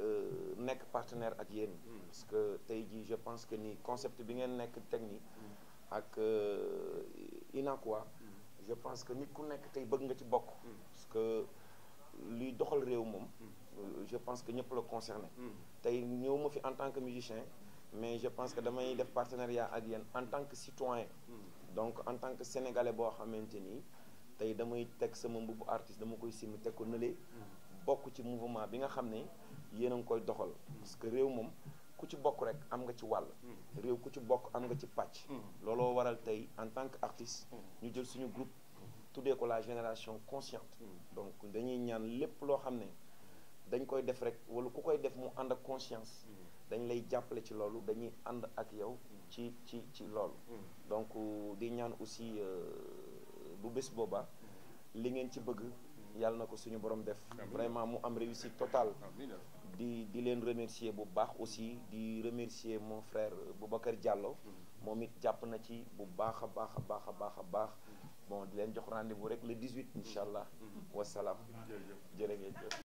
euh, nek partenaire ak yéen. Hmm. parce que tay ji je pense que ni concept bi ngeen nek technique. Hmm. ak euh, inaqua hmm. je pense que nit ku nek tay bëgg nga ci bokk. parce que luy doxal réew moom. Euh, je pense que ñepp le concerner tey ñëw ma fi en tant que musicien. mais je pense que damay def partenariat ak yéen en tant que citoyen. donc en tant que sénégalais bo xamanteni tay damay tek sama mbubu artiste dama koy sim tek ko nële. bokk ci mouvement bi nga xam ne yéen a ngi koy doxal parce que réew moom ku ci bokk rek am nga ci wàll réew ku ci bokk am nga ci pàcc looloo waral tey en tant que artiste ñu jël suñu groupe tuddee ko la génération consciente donc dañuy ñaan lépp loo xam ne dañ koy def rek wala ku koy def mu ànd ak conscience dañ lay jàppale ci loolu dañuy ànd ak yow ci ci ci loolu donc di ñaan aussi euh, bu bés booba li ngeen ci bëgg yàlla nako suñu borom def vraiment mu am réussite totale di di len remercier bu baax aussi di remercier mon frère Boubacar Diallo mm-hmm. momit japp na ci bu baax a baax a baax bon di len jox rendez-vous rek le 18 inshallah. Wassalam. wasalaam